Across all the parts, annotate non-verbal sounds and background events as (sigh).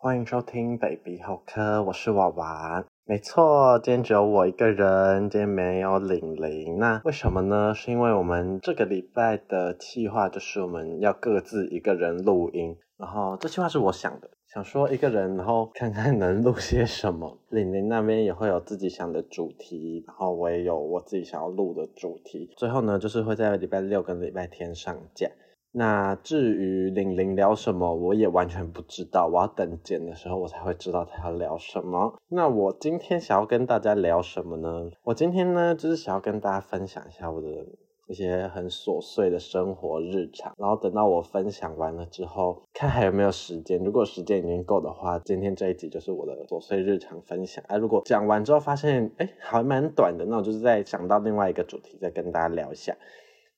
歡迎收聽 Baby Hoke，我是娃娃。沒錯，今天只有我一個人，今天沒有玲玲。那為什麼呢？是因為我們這個禮拜的計劃就是我們要各自一個人錄音，然後這計劃是我想的，想說一個人，然後看看能錄些什麼。玲玲那邊也會有自己想的主題，然後我也有我自己想要錄的主題。最後呢，就是會在禮拜六跟禮拜天上架。那至於玲玲聊什麼，我也完全不知道。我要等剪的時候，我才會知道她要聊什麼。那我今天想要跟大家聊什麼呢？我今天呢，就是想要跟大家分享一下我的一些很瑣碎的生活日常。然後等到我分享完了之後，看還有沒有時間。如果時間已經夠的話，今天這一集就是我的瑣碎日常分享。哎、啊，如果講完之後發現哎、欸、還蠻短的，那我就是再想到另外一個主題，再跟大家聊一下。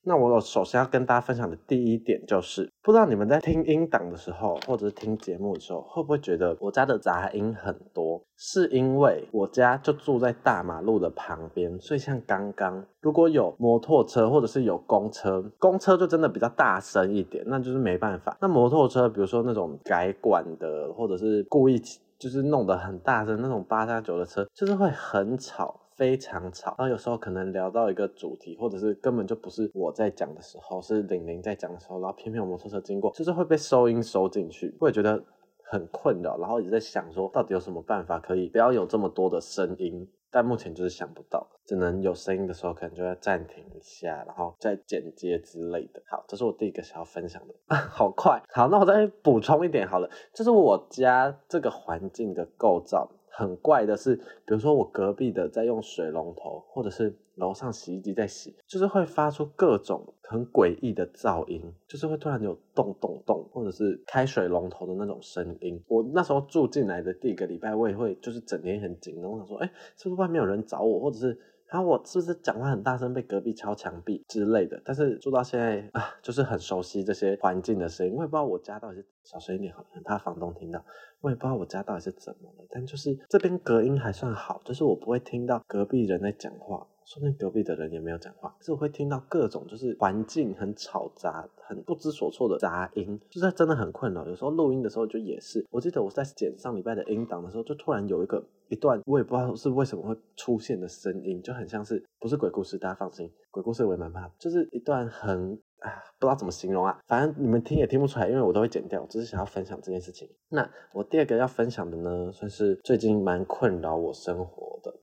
那我首先要跟大家分享的第一點就是，不知道你們在聽音檔的時候，或者是聽節目的時候，會不會覺得我家的雜音很多？是因為我家就住在大馬路的旁邊，所以像剛剛如果有摩托車，或者是有公車，公車就真的比較大聲一點，那就是沒辦法。那摩托車，比如說那種改管的，或者是故意就是弄得很大聲，那種八加九的車，就是會很吵。非常吵，然後有時候可能聊到一個主題，或者是根本就不是我在講的時候，是玲玲在講的時候，然後偏偏摩托車經過，就是會被收音收進去，會覺得很困擾，然後一直在想說，到底有什麼辦法可以不要有這麼多的聲音，但目前就是想不到，只能有聲音的時候可能就要暫停一下，然後再剪接之類的。好，這是我第一個想要分享的。 (laughs) 好快。好，那我再補充一點好了，就是我家這個環境的構造。很怪的是，比如說我隔壁的在用水龍頭，或者是樓上洗衣機在洗，就是會發出各種很詭異的噪音，就是會突然有咚咚咚，或者是開水龍頭的那種聲音。我那時候住進來的第一個禮拜，我也會就是整天很緊張，我想說，哎，是不是外面有人找我，或者是？然後我是不是講話很大聲，被隔壁敲牆壁之類的？但是住到現在啊，就是很熟悉這些環境的聲音。我也不知道我家到底是小聲一點很怕房東聽到。我也不知道我家到底是怎麼了，但就是這邊隔音還算好，就是我不會聽到隔壁人在講話。說那隔壁的人也沒有講話，是我會聽到各種就是環境很吵雜、很不知所措的雜音，就是真的很困擾。有時候錄音的時候就也是，我記得我在剪上禮拜的音檔的時候，就突然有一個一段我也不知道是為什麼會出現的聲音，就很像是不是鬼故事。大家放心，鬼故事我也蠻怕，就是一段很啊不知道怎麼形容啊，反正你們聽也聽不出來，因為我都會剪掉。只是想要分享這件事情。那我第二個要分享的呢，算是，是最近蠻困擾我生活的，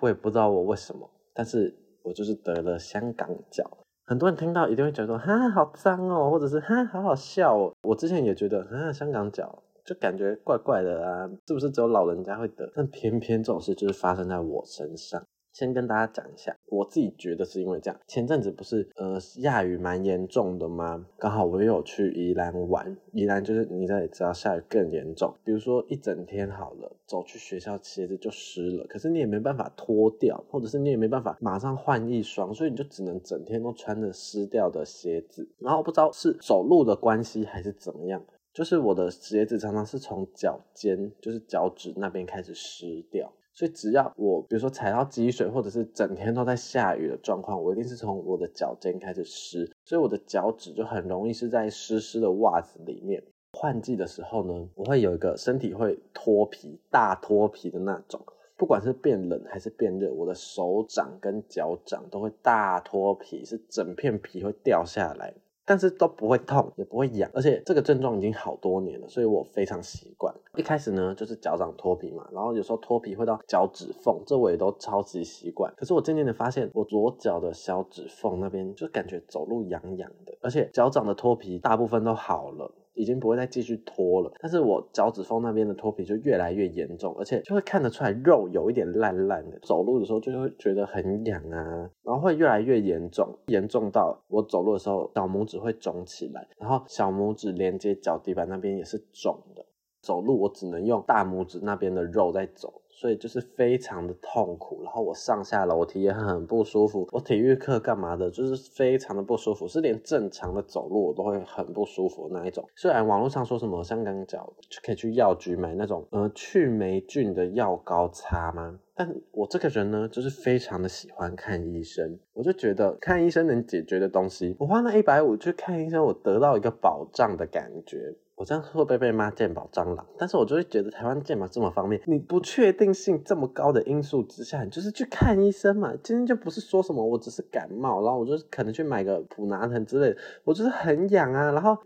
我也不知道我為什麼。但是我就是得了香港腳，很多人聽到一定會覺得說哈好髒哦，或者是哈好好笑哦。我之前也覺得哈香港腳就感覺怪怪的啊，是不是只有老人家會得？但偏偏這種事就是發生在我身上。先跟大家講一下，我自己覺得是因為這樣。前陣子不是呃下雨蠻嚴重的嗎？剛好我也有去宜蘭玩，宜蘭就是你也知道下雨更嚴重，比如說一整天好了，走去學校鞋子就濕了，可是你也沒辦法脫掉，或者是你也沒辦法馬上換一雙，所以你就只能整天都穿着濕掉的鞋子。然後我不知道是走路的關係還是怎麼樣，就是我的鞋子常常是從腳尖，就是腳趾那邊開始濕掉。所以只要我，比如說踩到積水，或者是整天都在下雨的狀況，我一定是從我的腳尖開始濕，所以我的腳趾就很容易是在濕濕的襪子裡面。換季的時候呢，我會有一個身體會脫皮，大脫皮的那種。不管是變冷還是變熱，我的手掌跟腳掌都會大脫皮，是整片皮會掉下來。但是都不會痛，也不會癢，而且這個症狀已經好多年了，所以我非常習慣。一開始呢，就是腳掌脫皮嘛，然後有時候脫皮會到腳趾縫，這我也都超級習慣。可是我漸漸的發現，我左腳的小指縫那邊就感覺走路癢癢的，而且腳掌的脫皮大部分都好了。已經不會再繼續脫了，但是我腳趾縫那邊的脫皮就越來越嚴重，而且就會看得出來肉有一點爛爛的，走路的時候就會覺得很癢啊，然後會越來越嚴重，嚴重到我走路的時候小拇指會腫起來，然後小拇指連接腳底板那邊也是腫的。走路我只能用大拇指那邊的肉在走，所以就是非常的痛苦。然後我上下樓梯也很不舒服。我體育課幹嘛的，就是非常的不舒服，是連正常的走路我都會很不舒服那一種。雖然網絡上說什麼香港腳就可以去藥局買那種呃去黴菌的藥膏擦嗎，但我這個人呢，就是非常的喜歡看醫生。我就覺得看醫生能解決的東西，我花那一百五去看醫生，我得到一個保障的感覺。我這樣會被被罵健保蟑螂，但是我就會覺得台灣健保這麼方便，你不確定性這麼高的因素之下，你就是去看醫生嘛。今天就不是說什麼，我只是感冒，然後我就可能去買個普拿疼之類的。我就是很癢啊，然後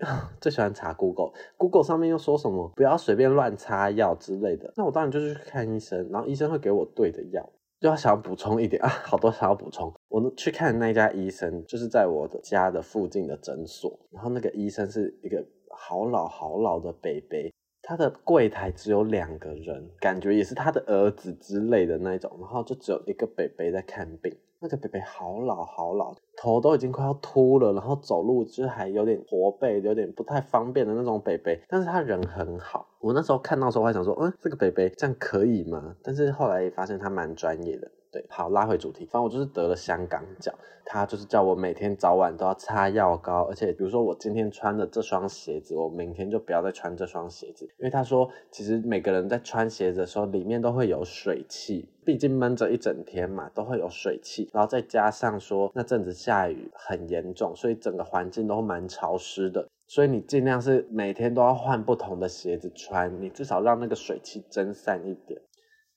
最喜歡查 Google，Google 上面又說什麼不要隨便亂擦藥之類的。那我當然就是去看醫生，然後醫生會給我對的藥。就想要想補充一點啊，好多想要補充。我去看那家醫生，就是在我的家的附近的診所，然後那個醫生是一個。好老好老的北北，他的櫃檯只有兩個人，感覺也是他的兒子之類的那一種，然後就只有一個北北在看病，那個北北好老好老，頭都已經快要禿了，然後走路就是還有點駝背，有點不太方便的那種北北，但是他人很好。我那時候看到的時候我還想說，嗯，這個北北這樣可以嗎？但是後來也發現他蠻專業的。對，好，拉回主題，反正我就是得了香港腳，他就是叫我每天早晚都要擦藥膏，而且比如說我今天穿的這雙鞋子，我明天就不要再穿這雙鞋子，因為他說其實每個人在穿鞋子的時候，裡面都會有水汽，畢竟悶着一整天嘛，都會有水汽，然後再加上說那陣子下雨很嚴重，所以整個環境都蠻潮濕的，所以你儘量是每天都要換不同的鞋子穿，你至少讓那個水汽蒸散一點。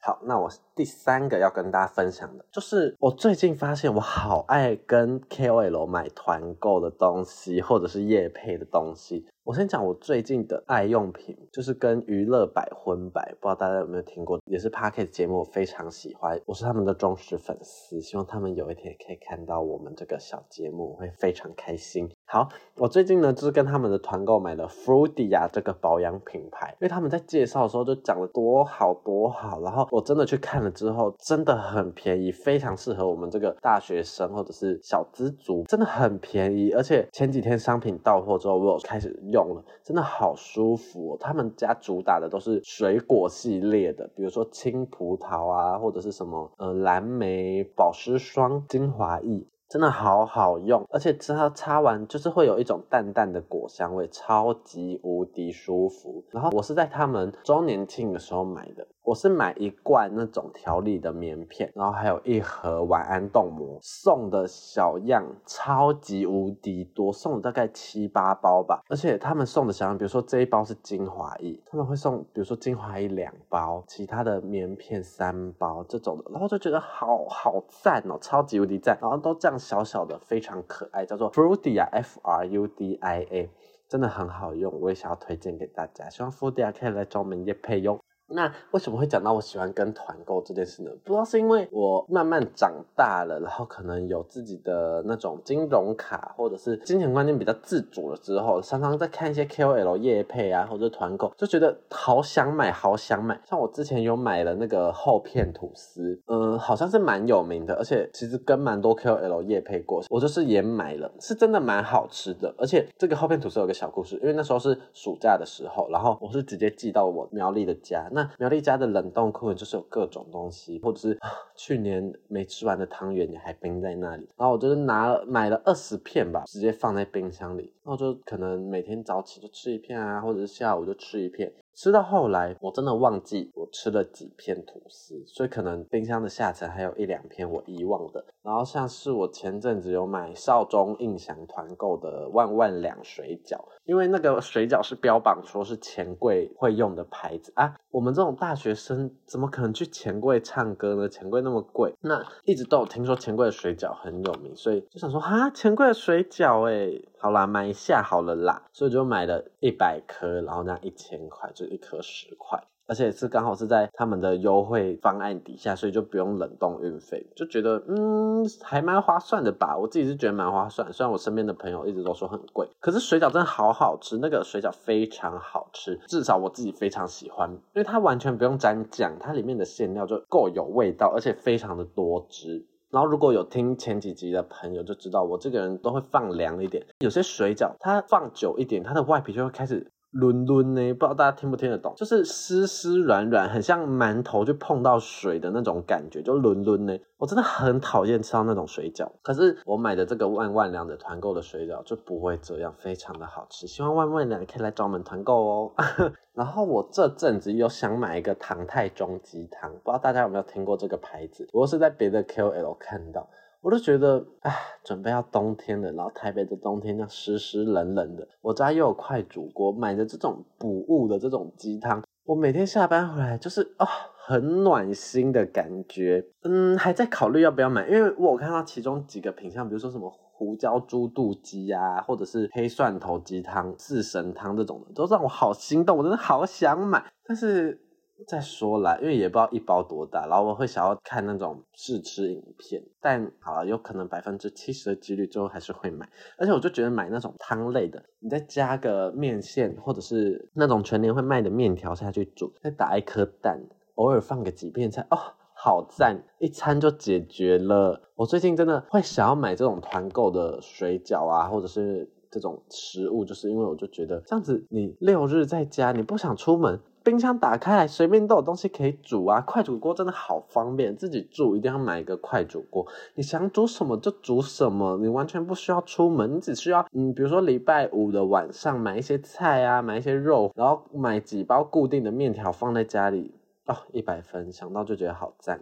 好，那我。第三個要跟大家分享的就是，我最近發現我好愛跟 KOL 買團購的東西，或者是業配的東西。我先講我最近的愛用品，就是跟娛樂百分百，不知道大家有沒有聽過，也是 Podcast 節目，我非常喜歡，我是他們的忠實粉絲，希望他們有一天可以看到我們這個小節目，我會非常開心。好，我最近呢就是跟他們的團購買了 FRUDIA 這個保養品牌，因為他們在介紹的時候就講的多好多好，然後我真的去看了。之後真的很便宜，非常適合我們這個大學生或者是小資族，真的很便宜。而且前幾天商品到貨之後，我有開始用了，真的好舒服哦。他們家主打的都是水果系列的，比如說青葡萄啊，或者是什麼呃藍莓保濕霜、精華液，真的好好用。而且只要擦完，就是會有一種淡淡的果香味，超級無敵舒服。然後我是在他們周年慶的時候買的。我是買一罐那種調理的棉片，然後還有一盒晚安凍膜送的小樣，超級無敵多，送的大概七八包吧。而且他們送的小樣，比如說這一包是精華液，他們會送比如說精華液兩包，其他的棉片三包這種的，然後就覺得好好讚哦、喔，超級無敵讚。然後都這樣小小的，非常可愛，叫做 Frudia F, ia, F R U D I A，真的很好用，我也想要推薦給大家，希望 Frudia 可以來找我們業配用。那為什麼會講到我喜歡跟團購這件事呢？不知道是因為我慢慢長大了，然後可能有自己的那種金融卡，或者是金錢觀念比較自主了之後，常常在看一些 KOL 業配啊，或者團購，就覺得好想買，好想買。像我之前有買了那個厚片吐司，嗯，好像是蠻有名的，而且其實跟蠻多 KOL 業配過，我就是也買了，是真的蠻好吃的。而且這個厚片吐司有個小故事，因為那時候是暑假的時候，然後我是直接寄到我苗栗的家。那苗栗家的冷凍庫就是有各種東西，或者是、啊、去年沒吃完的湯圓你還冰在那裡。然後我就是拿了買了二十片吧，直接放在冰箱裡。然後就可能每天早起就吃一片啊，或者是下午就吃一片。吃到後來，我真的忘記我吃了幾片吐司，所以可能冰箱的下層還有一兩片我遺忘的。然後像是我前陣子有買少中印象團購的萬萬兩水餃，因為那個水餃是標榜說是錢櫃會用的牌子啊，我們這種大學生怎麼可能去錢櫃唱歌呢？錢櫃那麼貴，那一直都有聽說錢櫃的水餃很有名，所以就想說哈錢櫃的水餃哎、欸，好啦，買一下好了啦，所以就買了一百顆，然後那一千塊就。一顆十塊，而且是剛好是在他們的優惠方案底下，所以就不用冷凍運費，就覺得嗯還蠻划算的吧。我自己是覺得蠻划算，雖然我身邊的朋友一直都說很貴，可是水餃真的好好吃，那個水餃非常好吃，至少我自己非常喜歡，因為它完全不用沾醬，它裡面的餡料就夠有味道，而且非常的多汁。然後如果有聽前幾集的朋友就知道，我這個人都會放涼一點，有些水餃它放久一點，它的外皮就會開始。淪淪呢？不知道大家聽不聽得懂，就是濕濕軟軟，很像饅頭就碰到水的那種感覺，就淪淪呢。我真的很討厭吃到那種水餃，可是我買的這個萬萬良的團購的水餃就不會這樣，非常的好吃。希望萬萬良可以來找我們團購哦。 (laughs) 然後我這陣子又想買一個唐太宗雞湯，不知道大家有沒有聽過這個牌子，我是在別的 KOL 看到。我都覺得，哎，準備要冬天了，然後台北的冬天要濕濕冷冷的，我家又有快煮鍋，買的這種補物的這種雞湯，我每天下班回來就是哦，很暖心的感覺。嗯，還在考慮要不要買，因為我有看到其中幾個品項，比如說什麼胡椒豬肚雞啊，或者是黑蒜頭雞湯、四神湯這種的，都讓我好心動，我真的好想買，但是。再說啦，因為也不知道一包多大，然後我會想要看那種試吃影片。但好了，有可能百分之七十的幾率最後還是會買。而且我就覺得買那種湯類的，你再加個麵線，或者是那種全年會賣的麵條下去煮，再打一顆蛋，偶爾放個幾片菜，哦，好讚！一餐就解決了。我最近真的會想要買這種團購的水餃啊，或者是這種食物，就是因為我就覺得這樣子，你六日在家，你不想出門。冰箱打開來，隨便都有東西可以煮啊！快煮鍋真的好方便，自己住一定要買一個快煮鍋。你想煮什麼就煮什麼，你完全不需要出門，你只需要嗯，比如說禮拜五的晚上買一些菜啊，買一些肉，然後買幾包固定的麵條放在家裡哦，一百分，想到就覺得好讚。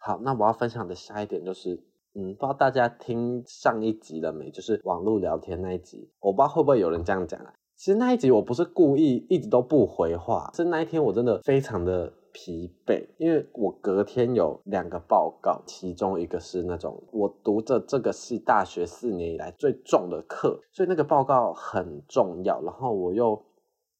好，那我要分享的下一點就是，嗯，不知道大家聽上一集了沒，就是網絡聊天那一集，我不知道會不會有人這樣講啊。其實那一集我不是故意一直都不回話，是那一天我真的非常的疲憊，因為我隔天有兩個報告，其中一個是那種我讀着這個系大學四年以來最重的課，所以那個報告很重要。然後我又，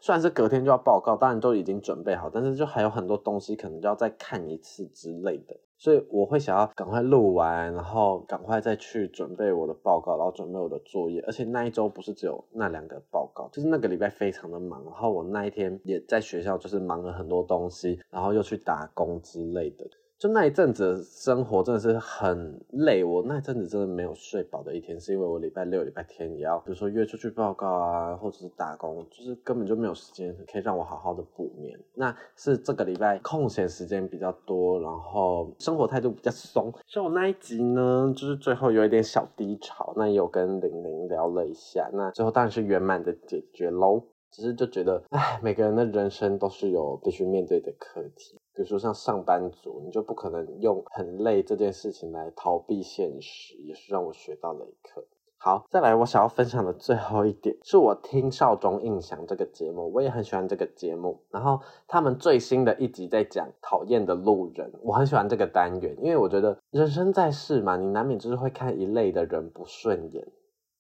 雖然是隔天就要報告，當然都已經準備好，但是就還有很多東西可能就要再看一次之類的，所以我會想要趕快錄完，然後趕快再去準備我的報告，然後準備我的作業。而且那一週不是只有那兩個報告。就是那個禮拜非常的忙，然後我那一天也在學校，就是忙了很多東西，然後又去打工之類的。就那一陣子，生活真的是很累。我那一陣子真的沒有睡飽的一天，是因為我禮拜六、禮拜天也要，比如說約出去報告啊，或者是打工，就是根本就沒有時間可以讓我好好的補眠。那是這個禮拜空閒時間比較多，然後生活態度比較鬆。所以我那一集呢，就是最後有一點小低潮，那也有跟玲玲聊了一下，那最後當然是圓滿的解決嘍。只是就覺得，哎，每個人的人生都是有必須面對的課題。比如說像上班族，你就不可能用很累這件事情來逃避現實，也是讓我學到的一課。好，再來我想要分享的最後一點，是我聽少中印象這個節目，我也很喜歡這個節目。然後他們最新的一集在講討厭的路人，我很喜歡這個單元，因為我覺得人生在世嘛，你難免就是會看一類的人不順眼。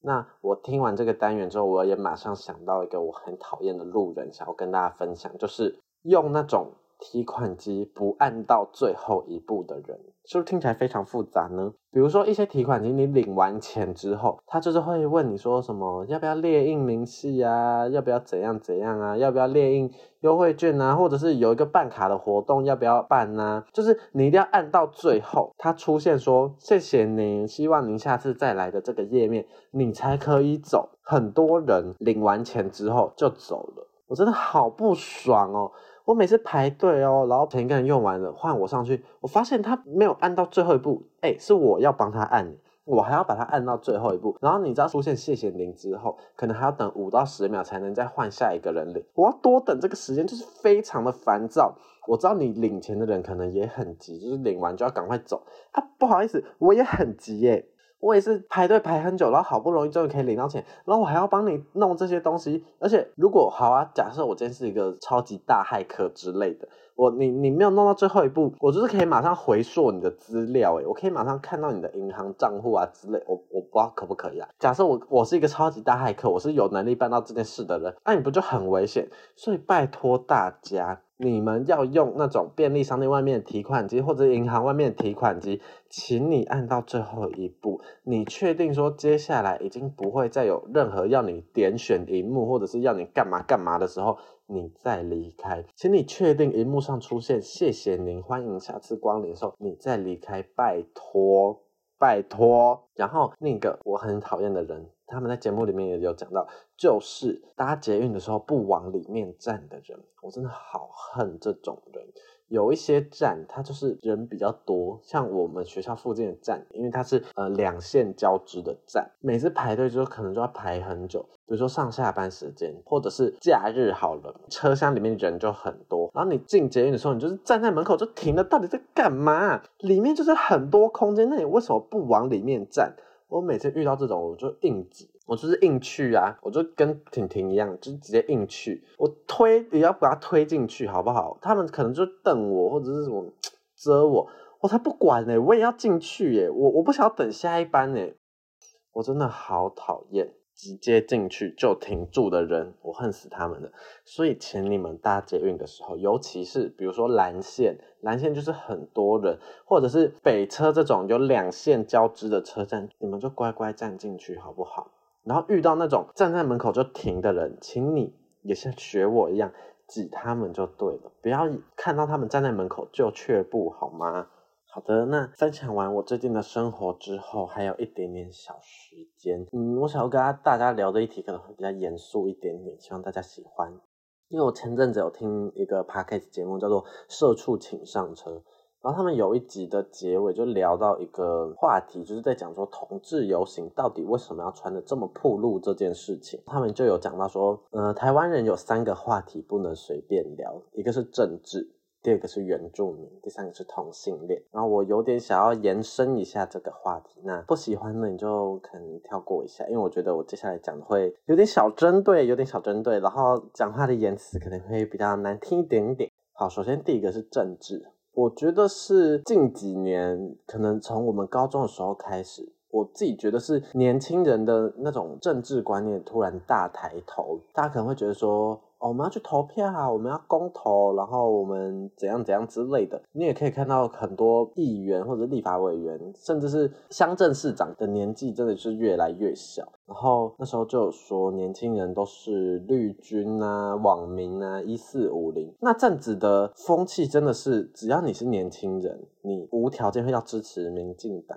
那我聽完這個單元之後，我也馬上想到一個我很討厭的路人，想要跟大家分享，就是用那種。提款機不按到最後一步的人，是不是聽起來非常複雜呢？比如說一些提款機，你領完錢之後，他就是會問你說什麼，要不要列印明細啊？要不要怎樣怎樣啊？要不要列印優惠券啊？或者是有一個辦卡的活動，要不要辦吶、啊。就是你一定要按到最後，他出現說“謝謝您，希望您下次再來的這個頁面，你才可以走。很多人領完錢之後就走了。我真的好不爽哦！我每次排隊哦，然後前一個人用完了換我上去，我發現他沒有按到最後一步，誒、欸、是我要幫他按，我還要把它按到最後一步。然後你知道出現謝謝光臨之後，可能還要等五到十秒才能再換下一個人領，我要多等這個時間就是非常的煩躁。我知道你領錢的人可能也很急，就是領完就要趕快走。他、啊、不好意思，我也很急耶。我也是排隊排很久，然後好不容易終於可以領到錢，然後我還要幫你弄這些東西。而且如果好啊，假設我今天是一個超級大駭客之類的，我你你沒有弄到最後一步，我就是可以馬上回溯你的資料、欸，誒我可以馬上看到你的銀行賬戶啊之類，我我不知道可不可以啊。假設我我是一個超級大駭客，我是有能力辦到這件事的人，那、啊、你不就很危險？所以拜托大家。你們要用那種便利商店外面提款機或者銀行外面提款機，請你按到最後一步，你確定說接下來已經不會再有任何要你點選螢幕或者是要你幹嘛幹嘛的時候，你再離開，請你確定螢幕上出現謝謝您歡迎下次光臨的時候，你再離開，拜託。拜託，然後那個我很討厭的人，他們在節目裡面也有講到，就是搭捷運的時候不往裡面站的人，我真的好恨這種人。有一些站，它就是人比較多，像我們學校附近的站，因為它是呃兩線交織的站，每次排隊就可能就要排很久。比如說上下班時間，或者是假日好了，車廂裡面人就很多，然後你進捷運的時候，你就是站在門口就停了，到底在幹嘛？裡面就是很多空間，那你為什麼不往裡面站？我每次遇到這種，我就硬擠。我就是硬去啊！我就跟婷婷一樣，就直接硬去。我推也要把它推進去，好不好？他們可能就瞪我或者是什麼，遮我，我才不管呢、欸！我也要進去耶、欸！我我不想要等下一班呢、欸！我真的好討厭直接進去就停住的人，我恨死他們了。所以，請你們搭捷運的時候，尤其是比如說藍線，藍線就是很多人，或者是北車這種有兩線交織的車站，你們就乖乖站進去，好不好？然後遇到那種站在門口就停的人，請你也像學我一樣擠他們就對了，不要看到他們站在門口就卻步，好嗎？好的，那分享完我最近的生活之後，還有一點點小時間，嗯，我想要跟大家聊的一題可能會比較嚴肅一點點，希望大家喜歡。因為我前陣子有聽一個 Podcast 節目，叫做《社畜請上車》。然後他們有一集的結尾就聊到一個話題，就是在講說同志遊行到底為什麼要穿的這麼暴露這件事情。他們就有講到說，呃，台灣人有三個話題不能隨便聊，一個是政治，第二個是原住民，第三個是同性戀。然後我有點想要延伸一下這個話題，那不喜歡的你就可能跳過一下，因為我覺得我接下來講的會有點小針對，有點小針對，然後講話的言辭可能會比較難聽一點點。好，首先第一個是政治。我覺得是近幾年，可能從我們高中的時候開始，我自己覺得是年輕人的那種政治觀念突然大抬頭，大家可能會覺得說。哦，我們要去投票啊，我們要公投，然後我們怎樣怎樣之類的。你也可以看到很多議員或者立法委員，甚至是鄉鎮市長的年紀真的是越來越小。然後那時候就有說，年輕人都是綠軍啊、網民啊、一四五零。那這樣子的風氣真的是，只要你是年輕人，你無條件會要支持民進黨。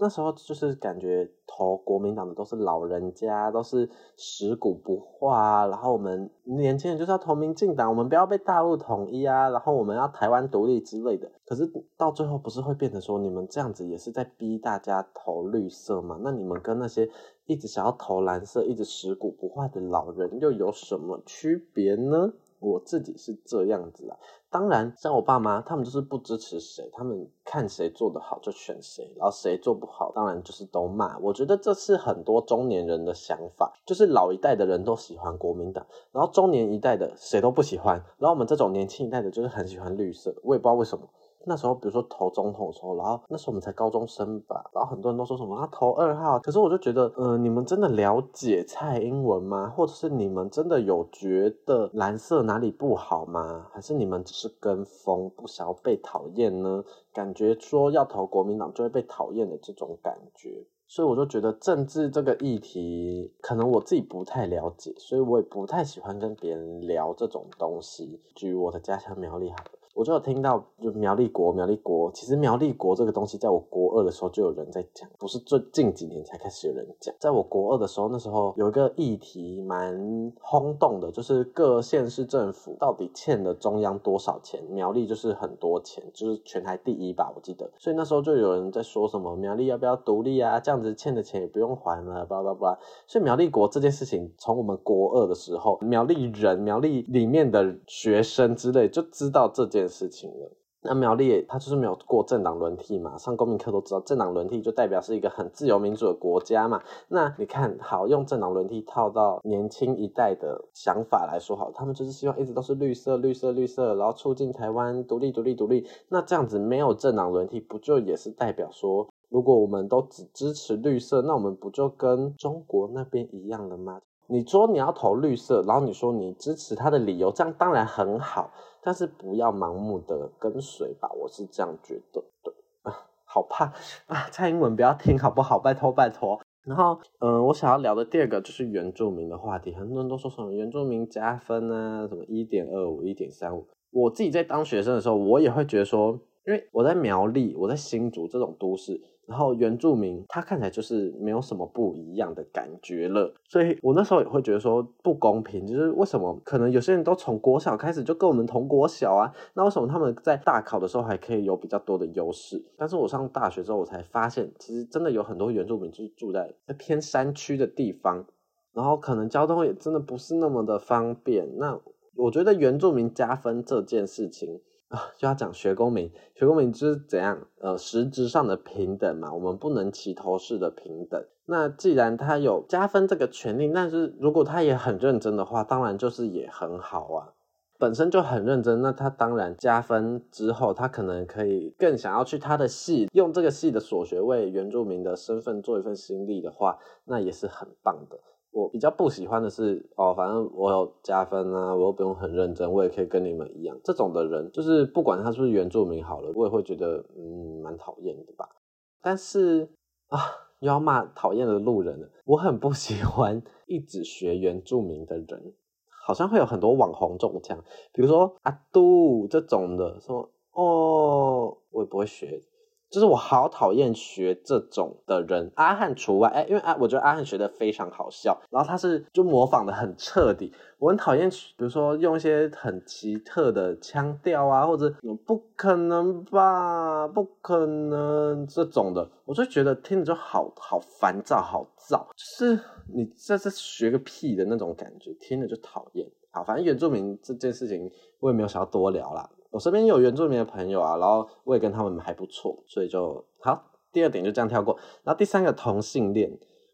那時候就是感覺投國民黨的都是老人家，都是食古不化，然後我們年輕人就是要投民進黨，我們不要被大陸統一啊，然後我們要台灣獨立之類的。可是到最後不是會變成說你們這樣子也是在逼大家投綠色嗎？那你們跟那些一直想要投藍色、一直食古不化的老人又有什麼區別呢？我自己是這樣子啊，當然，像我爸媽，他們就是不支持誰，他們看誰做得好就選誰，然後誰做不好，當然就是都罵。我覺得這是很多中年人的想法，就是老一代的人都喜歡國民黨，然後中年一代的誰都不喜歡，然後我們這種年輕一代的就是很喜歡綠色，我也不知道為什麼。那時候，比如說投總統的時候，然後那時候我們才高中生吧，然後很多人都說什麼啊投二號，可是我就覺得，嗯、呃，你們真的了解蔡英文嗎？或者是你們真的有覺得藍色哪裡不好嗎？還是你們只是跟風，不想要被討厭呢？感覺說要投國民黨就會被討厭的這種感覺，所以我就覺得政治這個議題，可能我自己不太了解，所以我也不太喜歡跟別人聊這種東西。舉我的家鄉苗栗，好了。我就有聽到，就苗栗國、苗栗國，其實苗栗國這個東西，在我國二的時候就有人在講，不是最近幾年才開始有人講。在我國二的時候，那時候有一個議題蠻轟動的，就是各縣市政府到底欠了中央多少錢，苗栗就是很多錢，就是全台第一吧，我記得。所以那時候就有人在說什麼苗栗要不要獨立啊，這樣子欠的錢也不用還了，啊，巴拉巴拉。所以苗栗國這件事情，從我們國二的時候，苗栗人、苗栗裡面的學生之類就知道這件件事情了，那苗栗他就是沒有過政黨輪替嘛，上公民課都知道，政黨輪替就代表是一個很自由民主的國家嘛。那你看，好，用政黨輪替套到年輕一代的想法來說，好，他們就是希望一直都是綠色、綠色、綠色，然後促進台灣獨立、獨立、獨立。那這樣子沒有政黨輪替，不就也是代表說，如果我們都只支持綠色，那我們不就跟中國那邊一樣了嗎？你說你要投綠色，然後你說你支持他的理由，這樣當然很好。但是不要盲目的跟隨吧，我是這樣覺得的。啊，好怕啊！蔡英文不要聽好不好，拜託拜託。然後，嗯、呃，我想要聊的第二個就是原住民的話題。很多人都說什麼原住民加分呢、啊，什麼一點二五、一點三五。我自己在當學生的時候，我也會覺得說，因為我在苗栗，我在新竹這種都市。然後原住民他看起來就是沒有什麼不一樣的感覺了，所以我那時候也會覺得說不公平，就是為什麼可能有些人都從國小開始就跟我們同國小啊，那為什麼他們在大考的時候還可以有比較多的優勢？但是我上大學之後，我才發現其實真的有很多原住民就是住在偏山區的地方，然後可能交通也真的不是那麼的方便。那我覺得原住民加分這件事情。啊，就要講學公民，學公民就是怎樣，呃，實質上的平等嘛。我們不能齊頭式的平等。那既然他有加分這個權利，但是如果他也很認真的話，當然就是也很好啊。本身就很認真，那他當然加分之後，他可能可以更想要去他的系，用這個系的所學為原住民的身份做一份心力的話，那也是很棒的。我比較不喜歡的是，哦，反正我有加分啊，我又不用很認真，我也可以跟你們一樣。這種的人，就是不管他是不是原住民，好了，我也會覺得，嗯，蠻討厭的吧。但是啊，又要罵討厭的路人了。我很不喜歡一直學原住民的人，好像會有很多網紅中槍，比如說阿杜、啊、這種的，說哦，我也不會學。就是我好討厭學這種的人，阿翰除外。誒、欸、因為阿，我覺得阿翰學得非常好笑，然後他是就模仿得很徹底。我很討厭，比如說用一些很奇特的腔調啊，或者不可能吧，不可能這種的，我就覺得聽着就好好煩躁，好躁，就是你這是學個屁的那種感覺，聽着就討厭。好，反正原住民這件事情我也沒有想要多聊啦。我身邊有原住民的朋友啊，然後我也跟他們還不錯，所以就好。第二點就這樣跳過。然後第三個同性戀，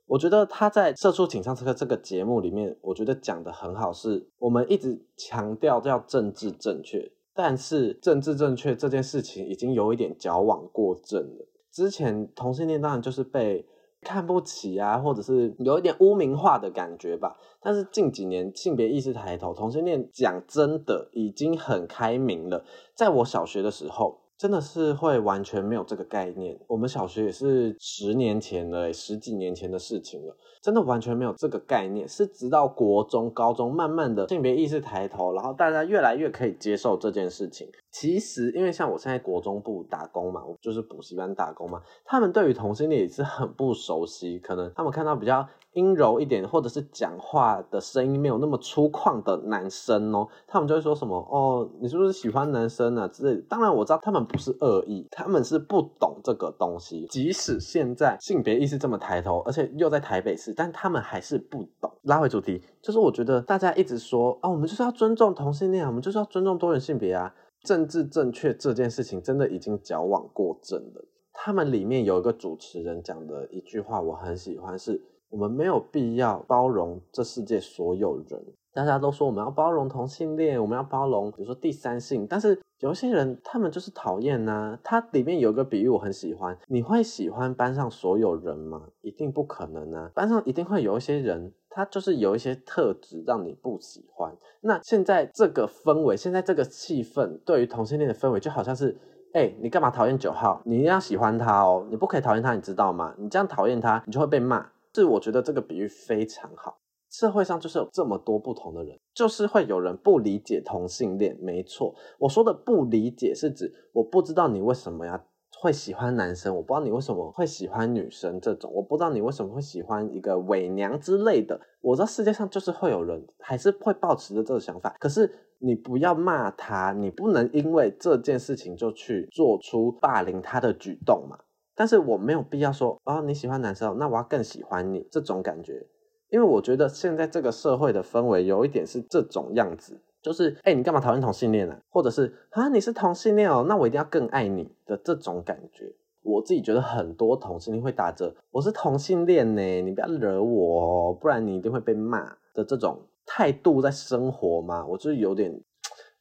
我覺得他在《社畜請上車》這個節目裡面，我覺得講得很好是，是我們一直強調叫政治正確，但是政治正確這件事情已經有一點矯枉過正了。之前同性戀當然就是被。看不起啊，或者是有一點污名化的感覺吧。但是近幾年性別意識抬頭，同性戀講真的已經很開明了，在我小學的時候。真的是會完全沒有這個概念，我們小學也是十年前了，十幾年前的事情了，真的完全沒有這個概念，是直到國中、高中慢慢的性別意識抬頭，然後大家越來越可以接受這件事情。其實，因為像我現在國中部打工嘛，我就是補習班打工嘛，他們對於同性戀也是很不熟悉，可能他們看到比較。陰柔一點，或者是講話的聲音沒有那麼粗獷的男生哦，他們就會說什麼哦，你是不是喜歡男生啊之類的。當然我知道他們不是惡意，他們是不懂這個東西。即使現在性別意識這麼抬頭，而且又在台北市，但他們還是不懂。拉回主題，就是我覺得大家一直說啊、哦，我們就是要尊重同性戀，我們就是要尊重多元性別啊，政治正確這件事情真的已經矯枉過正了。他們裡面有一個主持人講的一句話我很喜歡是。我們沒有必要包容這世界所有人。大家都說我們要包容同性戀，我們要包容，比如說第三性。但是有些人他們就是討厭呢。它裡面有個比喻我很喜歡，你會喜歡班上所有人嗎？一定不可能啊！班上一定會有一些人，他就是有一些特質讓你不喜歡。那現在這個氛圍，現在這個氣氛，對於同性戀的氛圍就好像是，欸，你幹嘛討厭九號？你一定要喜歡他哦，你不可以討厭他，你知道嗎？你這樣討厭他，你就會被罵。是我覺得這個比喻非常好。社會上就是有這麼多不同的人，就是會有人不理解同性戀。沒錯，我說的不理解是指我不知道你為什麼要會喜歡男生，我不知道你為什麼會喜歡女生這種，我不知道你為什麼會喜歡一個偽娘之類的。我知道世界上就是會有人還是會抱持著這個想法，可是你不要罵他，你不能因為這件事情就去做出霸凌他的舉動嘛。但是我沒有必要說，哦，你喜歡男生，那我要更喜歡你這種感覺，因為我覺得現在這個社會的氛圍有一點是這種樣子，就是，哎，你幹嘛討厭同性戀啊？或者是，啊，你是同性戀哦，那我一定要更愛你的這種感覺。我自己覺得很多同性戀會打折，我是同性戀呢，你不要惹我，不然你一定會被罵的這種態度在生活嘛，我就是有點。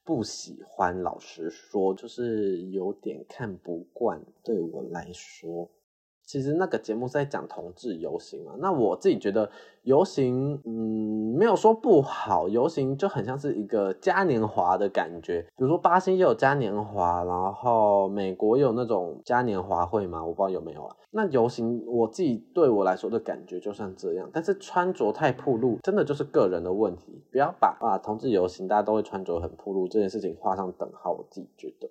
不喜歡，老實說，就是有點看不慣，對我來說。其實那個節目是在講同志遊行啊，那我自己覺得遊行，嗯，沒有說不好，遊行就很像是一個嘉年華的感覺。比如說巴西也有嘉年華，然後美國也有那種嘉年華會嘛，我不知道有沒有啊。那遊行我自己對我來說的感覺就算這樣，但是穿着太暴露，真的就是個人的問題，不要把啊同志遊行大家都會穿着很暴露這件事情畫上等號。我自己覺得。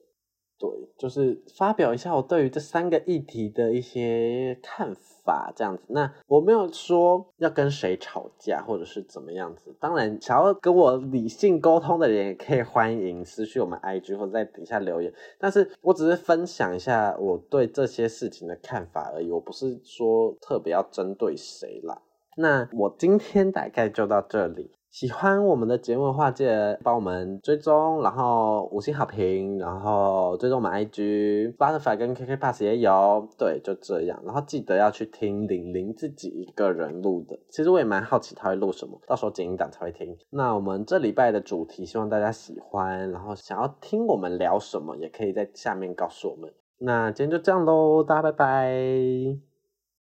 對，就是發表一下我對於這三個議題的一些看法，這樣子。那我沒有說要跟誰吵架，或者是怎麼樣子。當然，想要跟我理性溝通的人也可以歡迎私信我們 IG 或者在底下留言。但是我只是分享一下我對這些事情的看法而已，我不是說特別要針對誰啦。那我今天大概就到這裡。喜歡我們的節目的話，記得幫我們追蹤，然後五星好評，然後追蹤我們 IG Spotify 跟 KK Pass 也有。對，就這樣，然後記得要去聽玲玲自己一個人錄的。其實我也蠻好奇她會錄什麼，到時候剪音檔才會聽。那我們這禮拜的主題希望大家喜歡，然後想要聽我們聊什麼，也可以在下面告訴我們。那今天就這樣嘍，大家拜拜。